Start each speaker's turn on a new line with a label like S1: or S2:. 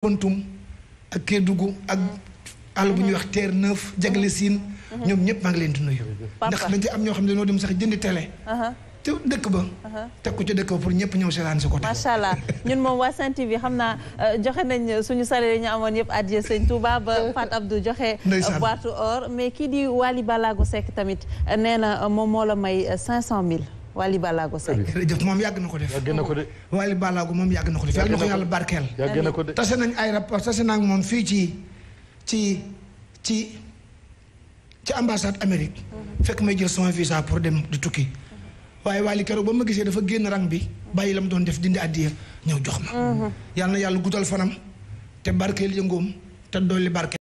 S1: Kountum ak Kédougou ak àll bu ñu wax Terre-Neuve jagle siin ñoom ñëpp maa ngi leen di nuyu ndax dañ ci am ñoo xam ne dañoo dem sax jëndi télé ca dëkk ba teg ko ca dëkk ba pour ñëpp ñëw seetaan si ko
S2: macha allah ñun moom waa Sen TV xam naa euh, joxe nañ suñu salaire yi ñu amoon yëpp addiya sëñ Touba ba Fat Abdou joxe euh, boîte or mais kii di Wally Ballago sekk tamit euh, nee na moom moo la may cinq cent mille Wally Ballago Seck.
S1: moom yàgg na ko def. yàgg na moom yàgg na ko def yàgg na ko yàlla barkeel. yàgg na ko de tase nañ ay rapport tase naa moom fii ci ci ci ci ambassade Amérique. Mhm. fekk may jël sama visa pour dem di tukki. Mhm. waaye Wally keroog ba ma gisee dafa génn rang bi bàyyi la mu doon def dindi àddiya ñëw jox ma. Mhm. yàlla na yàlla guddal fanam te barkeel yëngoom te dolli barkeel.